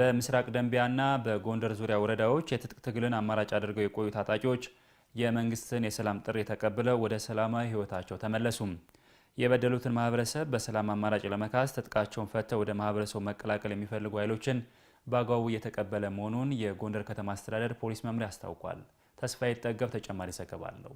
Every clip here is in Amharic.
በምስራቅ ደንቢያና በጎንደር ዙሪያ ወረዳዎች የትጥቅ ትግልን አማራጭ አድርገው የቆዩ ታጣቂዎች የመንግስትን የሰላም ጥሪ ተቀብለው ወደ ሰላማዊ ህይወታቸው ተመለሱም። የበደሉትን ማህበረሰብ በሰላም አማራጭ ለመካስ ትጥቃቸውን ፈተው ወደ ማህበረሰቡ መቀላቀል የሚፈልጉ ኃይሎችን በአግባቡ እየተቀበለ መሆኑን የጎንደር ከተማ አስተዳደር ፖሊስ መምሪያ አስታውቋል። ተስፋዬ ጠገብ ተጨማሪ ዘገባ አለው።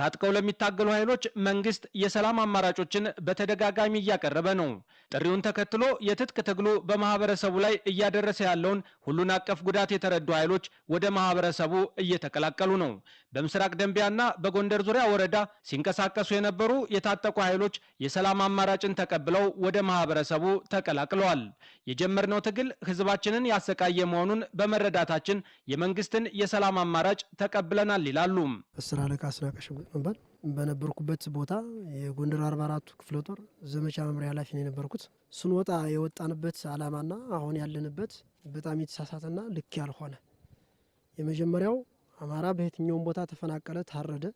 ታጥቀው ለሚታገሉ ኃይሎች መንግስት የሰላም አማራጮችን በተደጋጋሚ እያቀረበ ነው። ጥሪውን ተከትሎ የትጥቅ ትግሉ በማህበረሰቡ ላይ እያደረሰ ያለውን ሁሉን አቀፍ ጉዳት የተረዱ ኃይሎች ወደ ማህበረሰቡ እየተቀላቀሉ ነው። በምስራቅ ደንቢያና በጎንደር ዙሪያ ወረዳ ሲንቀሳቀሱ የነበሩ የታጠቁ ኃይሎች የሰላም አማራጭን ተቀብለው ወደ ማህበረሰቡ ተቀላቅለዋል። የጀመርነው ትግል ህዝባችንን ያሰቃየ መሆኑን በመረዳታችን የመንግስትን የሰላም አማራጭ ተቀብለናል ይላሉ። ነበር። በነበርኩበት ቦታ የጎንደር አርባ አራቱ ክፍለ ጦር ዘመቻ መምሪያ ኃላፊ ነው የነበርኩት። ስንወጣ የወጣንበት አላማና አሁን ያለንበት በጣም የተሳሳተና ልክ ያልሆነ የመጀመሪያው አማራ በየትኛውም ቦታ ተፈናቀለ፣ ታረደ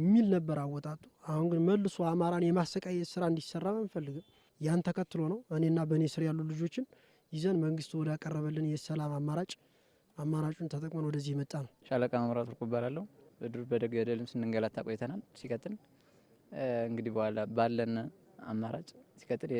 የሚል ነበር አወጣጡ። አሁን ግን መልሶ አማራን የማሰቃየት ስራ እንዲሰራ አንፈልግም። ያን ተከትሎ ነው እኔና በእኔ ስር ያሉ ልጆችን ይዘን መንግስቱ ወደ ያቀረበልን የሰላም አማራጭ አማራጩን ተጠቅመን ወደዚህ የመጣ ነው። ሻለቃ መምራት እባላለሁ። በዱር በደገደልም ስንንገላታ ቆይተናል። ሲቀጥል እንግዲህ በኋላ ባለን አማራጭ ሲቀጥል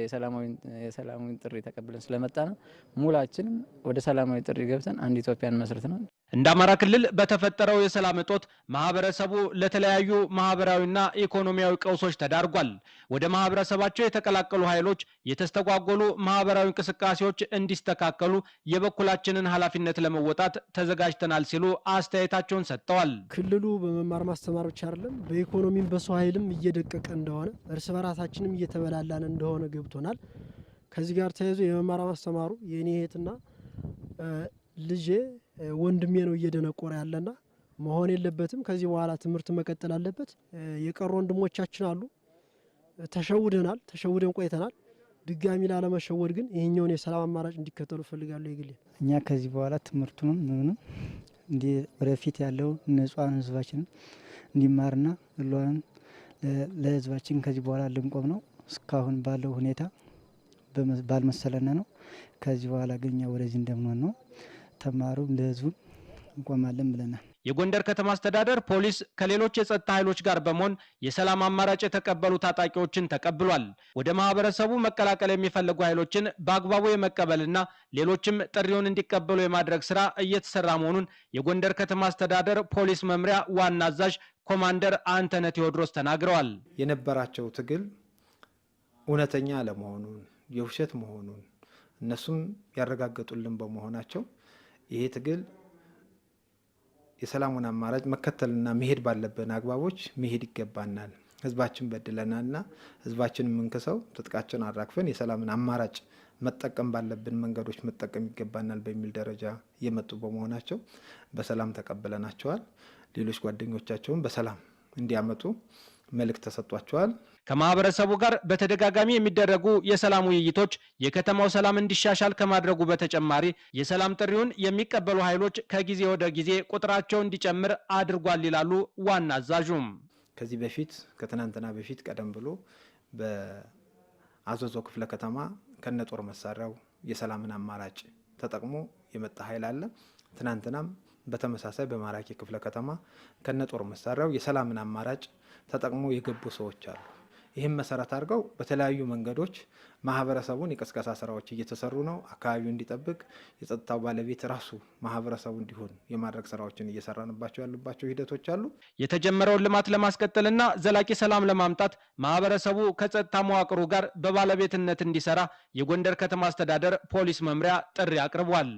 የሰላማዊ ጥሪ ተቀብለን ስለመጣ ነው ሙላችንም ወደ ሰላማዊ ጥሪ ገብተን አንድ ኢትዮጵያን መስርት ነው። እንደ አማራ ክልል በተፈጠረው የሰላም እጦት ማህበረሰቡ ለተለያዩ ማህበራዊና ኢኮኖሚያዊ ቀውሶች ተዳርጓል። ወደ ማህበረሰባቸው የተቀላቀሉ ኃይሎች የተስተጓጎሉ ማህበራዊ እንቅስቃሴዎች እንዲስተካከሉ የበኩላችንን ኃላፊነት ለመወጣት ተዘጋጅተናል ሲሉ አስተያየታቸውን ሰጥተዋል። ክልሉ በመማር ማስተማር ብቻ አይደለም፣ በኢኮኖሚም በሰው ኃይልም እየደቀቀ እንደሆነ እርስ በራሳችንም እየተበላላን እንደሆነ ገብቶናል። ከዚህ ጋር ተያይዞ የመማር ማስተማሩ የኔ እህትና ልጄ ወንድሜ ነው እየደነቆረ ያለና መሆን የለበትም። ከዚህ በኋላ ትምህርት መቀጠል አለበት። የቀሩ ወንድሞቻችን አሉ። ተሸውደናል፣ ተሸውደን ቆይተናል። ድጋሚ ላለመሸወድ ግን ይህኛውን የሰላም አማራጭ እንዲከተሉ እፈልጋለሁ። የግሌ እኛ ከዚህ በኋላ ትምህርቱንም ምንም እንዲ ወደፊት ያለው ንጹሐን ህዝባችንን እንዲማርና ህሏን ለህዝባችን ከዚህ በኋላ ልንቆም ነው። እስካሁን ባለው ሁኔታ ባልመሰለነ ነው። ከዚህ በኋላ ግን እኛ ወደዚህ እንደምንሆን ነው ተማሩም ለህዝቡ እንቆማለን ብለናል። የጎንደር ከተማ አስተዳደር ፖሊስ ከሌሎች የጸጥታ ኃይሎች ጋር በመሆን የሰላም አማራጭ የተቀበሉ ታጣቂዎችን ተቀብሏል። ወደ ማህበረሰቡ መቀላቀል የሚፈልጉ ኃይሎችን በአግባቡ የመቀበልና ሌሎችም ጥሪውን እንዲቀበሉ የማድረግ ስራ እየተሰራ መሆኑን የጎንደር ከተማ አስተዳደር ፖሊስ መምሪያ ዋና አዛዥ ኮማንደር አንተነ ቴዎድሮስ ተናግረዋል። የነበራቸው ትግል እውነተኛ አለመሆኑን የውሸት መሆኑን እነሱም ያረጋገጡልን በመሆናቸው ይሄ ትግል የሰላሙን አማራጭ መከተልና መሄድ ባለብን አግባቦች መሄድ ይገባናል። ህዝባችን በድለናልና ህዝባችን የምንክሰው ትጥቃችን አራክፈን የሰላምን አማራጭ መጠቀም ባለብን መንገዶች መጠቀም ይገባናል በሚል ደረጃ እየመጡ በመሆናቸው በሰላም ተቀብለናቸዋል። ሌሎች ጓደኞቻቸውን በሰላም እንዲያመጡ መልእክት ተሰጥቷቸዋል። ከማህበረሰቡ ጋር በተደጋጋሚ የሚደረጉ የሰላም ውይይቶች የከተማው ሰላም እንዲሻሻል ከማድረጉ በተጨማሪ የሰላም ጥሪውን የሚቀበሉ ኃይሎች ከጊዜ ወደ ጊዜ ቁጥራቸው እንዲጨምር አድርጓል ይላሉ ዋና አዛዡም። ከዚህ በፊት ከትናንትና በፊት ቀደም ብሎ በአዘዞ ክፍለ ከተማ ከነ ጦር መሳሪያው የሰላምን አማራጭ ተጠቅሞ የመጣ ኃይል አለ። ትናንትናም በተመሳሳይ በማራኪ ክፍለ ከተማ ከነ ጦር መሳሪያው የሰላምን አማራጭ ተጠቅሞ የገቡ ሰዎች አሉ። ይህም መሰረት አድርገው በተለያዩ መንገዶች ማህበረሰቡን የቀስቀሳ ስራዎች እየተሰሩ ነው። አካባቢው እንዲጠብቅ የጸጥታው ባለቤት ራሱ ማህበረሰቡ እንዲሆን የማድረግ ስራዎችን እየሰራንባቸው ያሉባቸው ሂደቶች አሉ። የተጀመረውን ልማት ለማስቀጠልና ዘላቂ ሰላም ለማምጣት ማህበረሰቡ ከጸጥታ መዋቅሩ ጋር በባለቤትነት እንዲሰራ የጎንደር ከተማ አስተዳደር ፖሊስ መምሪያ ጥሪ አቅርቧል።